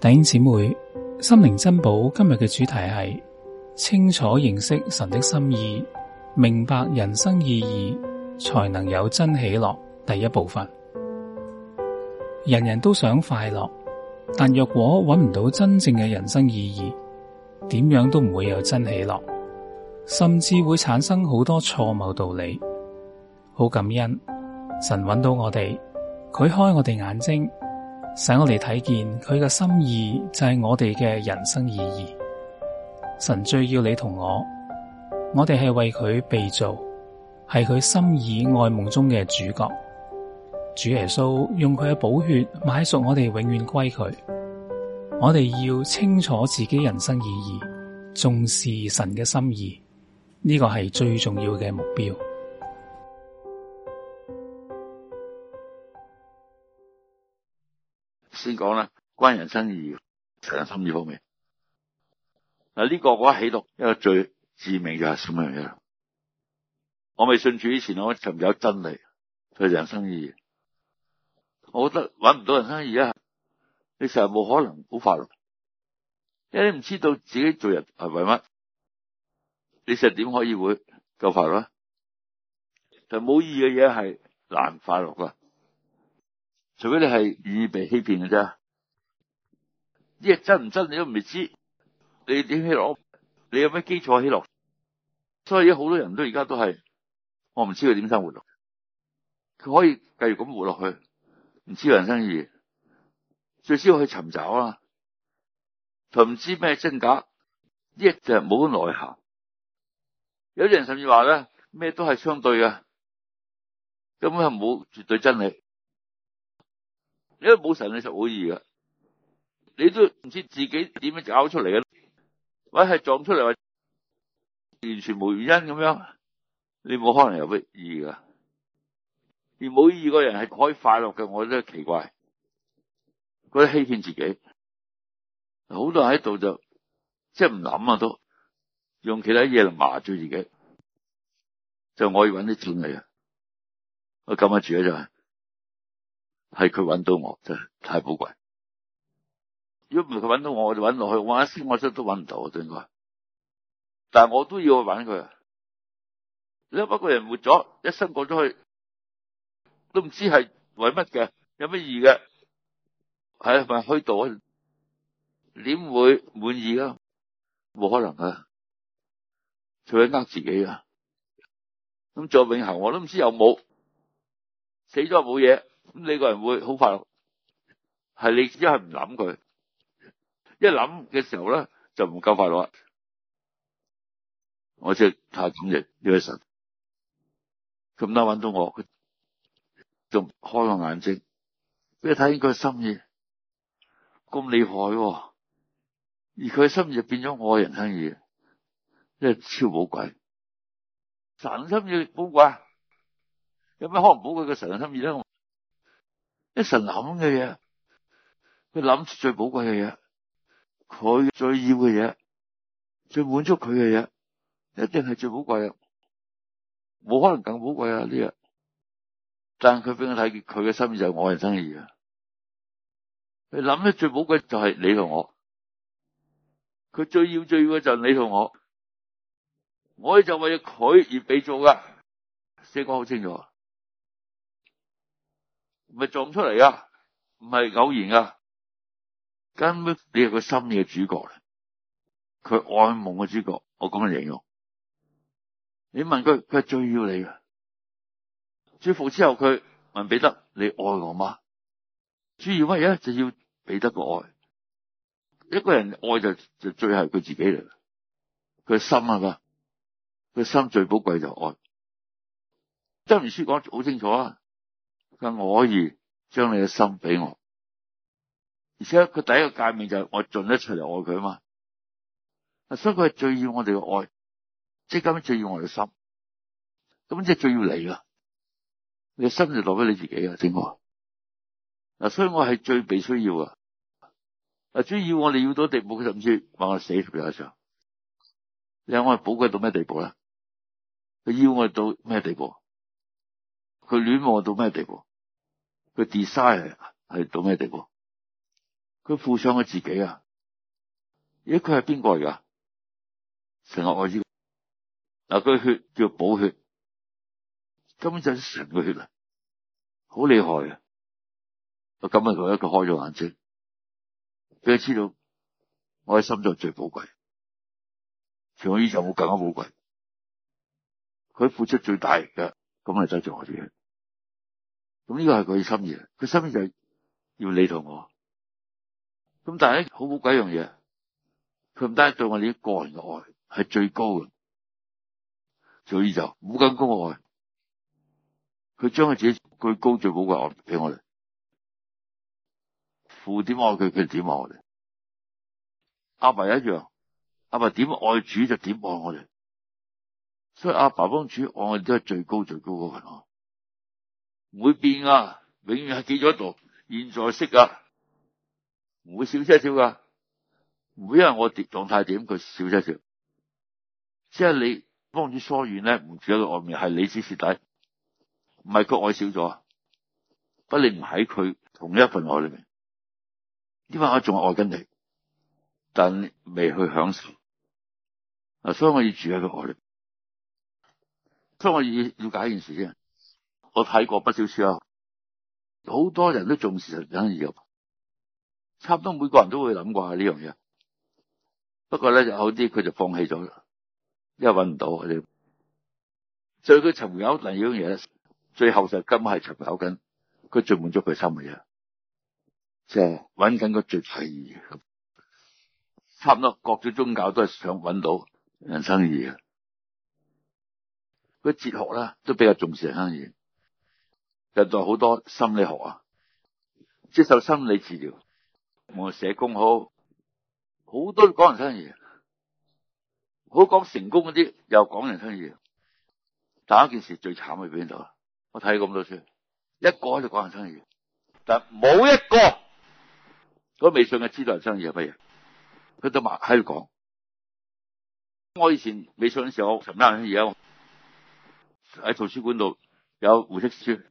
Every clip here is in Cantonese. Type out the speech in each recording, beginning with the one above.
弟兄姊妹，心靈珍寶今日嘅主題係清楚認識神的心意，明白人生意義，才能有真喜樂。第一部分，人人都想快樂，但若果揾唔到真正嘅人生意義，點樣都唔會有真喜樂，甚至會產生好多錯謬道理。好感恩，神揾到我哋，佢開我哋眼睛。使我嚟睇見佢嘅心意，就係我哋嘅人生意義。神最要你同我，我哋係為佢被造，係佢心意愛夢中嘅主角。主耶穌用佢嘅寶血買贖我哋，永遠歸佢。我哋要清楚自己人生意義，重視神嘅心意，呢、這個係最重要嘅目標。先講啦，關於人生意義、人生心意方面。嗱、這、呢個我起到一個最致命嘅係四乜嘢。我未信主以前，我尋有真理，係人生意義。我覺得揾唔到人生意義，你成日冇可能好快樂，因為你唔知道自己做人係為乜。你成日點可以會夠快樂？就冇意義嘅嘢係難快樂㗎。除非你係願意被欺騙嘅啫，呢嘢真唔真你都未知，你點起落？你有咩基礎起落？所以好多人都而家都係，我唔知佢點生活咯。佢可以繼續咁活落去，唔知人生意，最少要去尋找啦。唔知咩真假，呢一樣冇咁內涵。有啲人甚至話咧，咩都係相對嘅，根本係冇絕對真理。你都冇神，你就好易噶。你都唔知自己點樣搞出嚟嘅，或者係撞出嚟，完全冇原因咁樣。你冇可能有咩意義噶。而冇意義個人係可以快樂嘅，我真係奇怪。覺得欺騙自己，好多人喺度就即係唔諗啊，都用其他嘢嚟麻醉自己。就我要搵啲錢嚟啊！我咁日住喺度。係佢揾到我，真係太寶貴。如果唔係佢揾到我，我就揾落去，我一先我真都揾唔到，我都應該。但係我都要去搵佢。你一個人活咗一生過咗去，都唔知係為乜嘅，有乜意義嘅，係咪虛度？點會滿意啊？冇可能啊！除咗呃自己啊？咁做永恆，我都唔知有冇死咗，冇嘢。咁你個人會好快樂，係你一係唔諗佢，一諗嘅時候咧就唔夠快樂啦。我即係太感激呢位神，咁啱揾到我，佢仲開個眼睛，俾佢睇見佢心意咁厲害，哦，而佢嘅心意就變咗我嘅人生意，真係超寶貴。神心意寶貴，有咩可能唔寶貴嘅神心意咧？一神諗嘅嘢，佢諗住最寶貴嘅嘢，佢最要嘅嘢，最滿足佢嘅嘢，一定係最寶貴嘅，冇可能更寶貴啊！呢日，但佢畀我睇？佢嘅心意就係我人生意嘢。佢諗嘅最寶貴就係你同我，佢最要最要嘅就係你同我，我哋就為咗佢而俾做噶。四哥好清楚。唔係撞出嚟啊，唔係偶然啊，根本你係個心嘅主角，佢愛慕嘅主角，我咁樣形容。你問佢，佢係最要你嘅。祝福之後，佢問彼得：你愛我嗎？主要乜嘢？咧？就要彼得個愛。一個人愛就就最係佢自己嚟，佢心係咪，佢心最寶貴就係愛。箴言書講得好清楚啊。佢我可以將你嘅心俾我，而且佢第一個誡命就係我盡得出嚟愛佢啊嘛。啊，所以佢係最要我哋嘅愛，即係根本最要我哋嘅心，咁即係最要你啦。你嘅心就留俾你自己啊，點講啊？嗱，所以我係最被需要啊。啊，最要我哋要到地步佢甚至話我死都唔得上。你睇我係寶貴到咩地步咧？佢要我到咩地步？佢戀我到咩地步？佢 design 係到咩地步？佢付上佢自己啊！咦？佢係邊個嚟噶？成個外衣嗱，佢血叫補血，根本就成個血啊，好厲害啊！咁今佢一佢開咗眼睛，俾佢知道我嘅心臟最寶貴，全個宇就我更加寶貴。佢付出最大嘅，咁嚟資做我哋。咁呢個係佢嘅心意，佢心意就要你同我。咁但係咧，好寶貴一樣嘢，佢唔單係對我哋一個人嘅愛係最高嘅，所以就冇更高嘅愛，佢將佢自己最高最好嘅愛俾我哋。父點愛佢，佢就點愛我哋。阿爸，爸一樣，阿爸點愛主就點愛我哋。所以阿爸幫主愛我哋都係最高最高嗰份愛。唔會變啊，永遠係見咗度，現在識啊，唔會少少少噶，唔會因為我狀態點，佢少少少，即係你幫住疏遠咧，唔住喺度外面，係你先蝕底，唔係佢愛少咗，你不你唔喺佢同一份愛裏面，因為我仲係愛緊你，但你未去享受，所以我要住喺佢愛裏，所以我要了解一件事先。我睇過不少書啊，好多人都重視人生意義，差唔多每個人都會諗過呢樣嘢。不過咧就好啲，佢就放棄咗，因為搵唔到佢。所以佢尋求另一樣嘢，最後就是根本係尋求緊，佢最滿足佢心嘅嘢，即係搵緊個最第二咁。差唔多各種宗教都係想搵到人生意義，佢哲學咧都比較重視人生意義。近代好多心理學啊，接受心理治療，我社工好，好多講人生意，好講成功嗰啲又講人生意，但一件事最慘係邊度啊？我睇咁多書，一個喺度講人生意，但冇一個嗰未信嘅知道人生意係乜嘢，佢都埋喺度講。我以前未信嘅時候，我人生嘢喎，喺圖書館度有胡適書。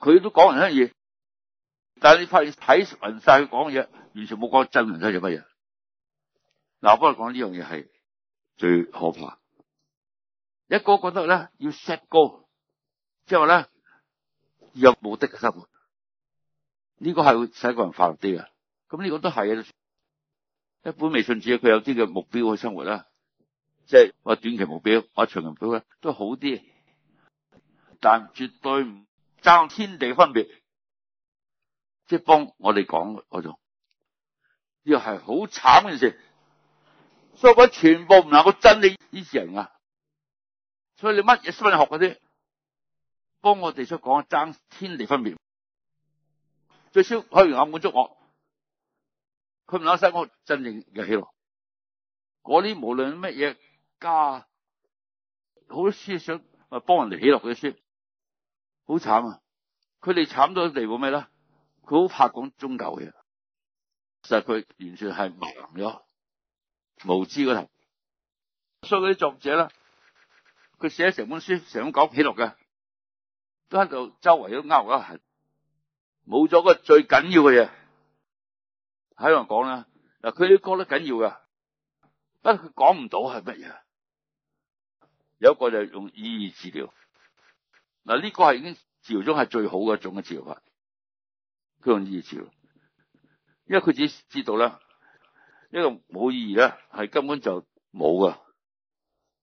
佢都講人生嘢，但係你發現睇聞晒佢講嘢，完全冇講真人生係乜嘢。嗱，不過講呢樣嘢係最可怕。一個覺得咧要 set goal，即係話咧有目的嘅生活呢，這個係會使一個人快樂啲啊，咁呢個都係啊，一般未信主佢有啲嘅目標去生活啦，即係話短期目標或長期目標都好啲，但絕對唔。爭天地分別，即係幫我哋講嗰種，呢個係好慘嘅事。所以我全部唔能夠真理呢啲人啊，所以你乜嘢學問學嗰啲，幫我哋出講爭天地分別，最少開完眼滿足我，佢唔能夠使我真正嘅喜樂。嗰啲無論乜嘢家，好多思想誒幫人哋喜樂嗰啲書。好慘啊！佢哋慘到地步咩咧？佢好怕講宗教嘅，其實佢完全係盲咗、無知嗰頭。所以嗰啲作者咧，佢寫成本書，成日講喜樂嘅，都喺度周圍都勾一痕，冇咗個最緊要嘅嘢。喺度講啦，嗱，佢啲覺得緊要嘅，不過佢講唔到係乜嘢。有一個就係用意義治療。嗱，呢個係已經治療中係最好嘅一種嘅治療法，佢用醫治，療，因為佢自己知道咧、這個、呢個冇意義咧，係根本就冇噶，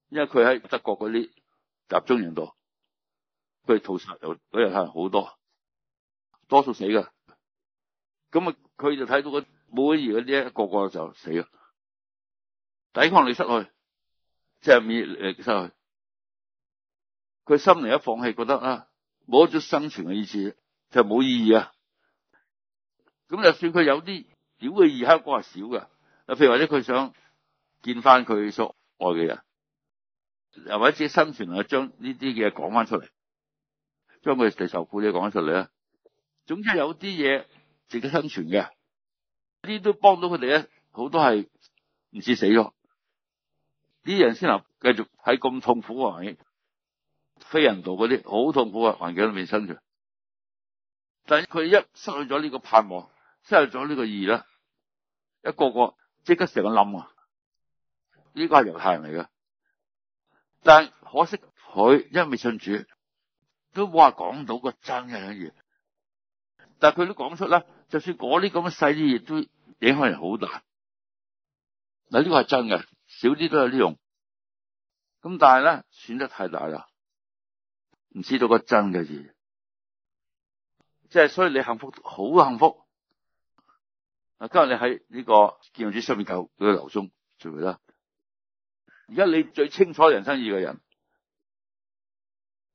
因為佢喺德國啲集中營度，佢屠殺又嗰日係好多，多數死噶，咁啊，佢就睇到個冇意義啲咧，個個就死咯，抵抗力失去，即係免疫力失去。佢心靈一放棄，覺得啊冇咗生存嘅意思，就冇意義啊！咁就算佢有啲屌嘅意刻，都係少嘅。啊，譬如或者佢想見翻佢所愛嘅人，又或者自己生存啊，能夠將呢啲嘢講翻出嚟，將佢哋受苦嘅嘢講翻出嚟啊。總之有啲嘢值得生存嘅，呢啲都幫到佢哋咧。好多係唔知死咗，啲人先能繼續喺咁痛苦嘅環境。非人道嗰啲好痛苦嘅環境裏面生存，但係佢一失去咗呢個盼望，失去咗呢個意義咧，一個個即刻成個冧啊！呢、這個係猶太人嚟㗎。但係可惜佢因為未信主，都冇話講到個真嘅嘢。但係佢都講出呢，就算嗰啲咁嘅細啲嘢都影響人好大。嗱，呢個係真嘅，少啲都有啲用。咁但係咧，選得太大啦。唔知道個真嘅嘢，即係所以你幸福好幸福。今日你喺呢個教主上面教嗰啲劉宗，做唔得？而家你最清楚人生意嘅人，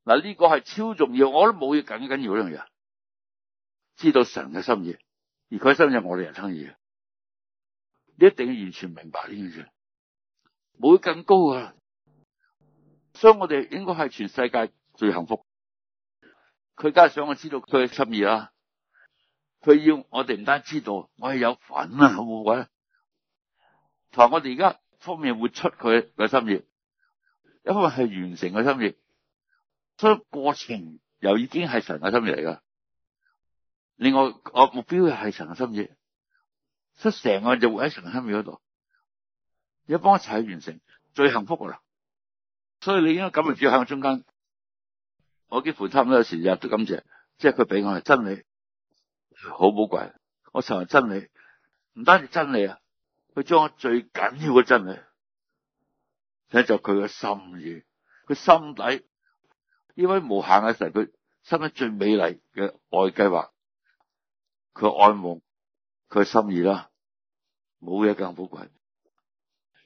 嗱、這、呢個係超重要，我都冇嘢，緊緊要呢樣嘢。知道神嘅心意，而佢心意係我哋人生意，你一定要完全明白呢件事，冇更高啊。所以我哋應該係全世界，最幸福。佢梗係想我知道佢嘅心意啦，佢要我哋唔單止知道，我係有份啊，好唔好啊？同埋我哋而家方面會出佢嘅心意，因為係完成佢嘅心意，所以過程又已經係神嘅心意嚟噶。另外，我的目標又係神嘅心意，所以成個就會喺神嘅心意嗰度，而家幫一齊去完成，最幸福噶啦。所以你應該咁嘅主要喺中間。我幾乎差唔多有時日都感謝，即係佢俾我係真理，好寶貴。我尋日真理，唔單止真理啊，佢將我最緊要嘅真理，呢就佢嘅心意，佢心底呢位無限嘅神，佢生得最美麗嘅愛計劃，佢愛慕佢嘅心意啦，冇嘢更寶貴，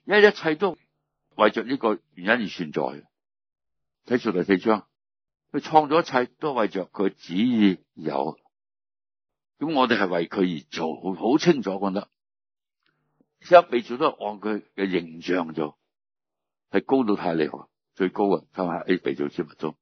因為一切都為着呢個原因而存在。睇住第四章。佢創咗一切都為着佢旨意有，咁我哋係為佢而做好清楚覺得，而家被造都係按佢嘅形象做，係高到太厲害，最高啊，睇下 A 被造之物中。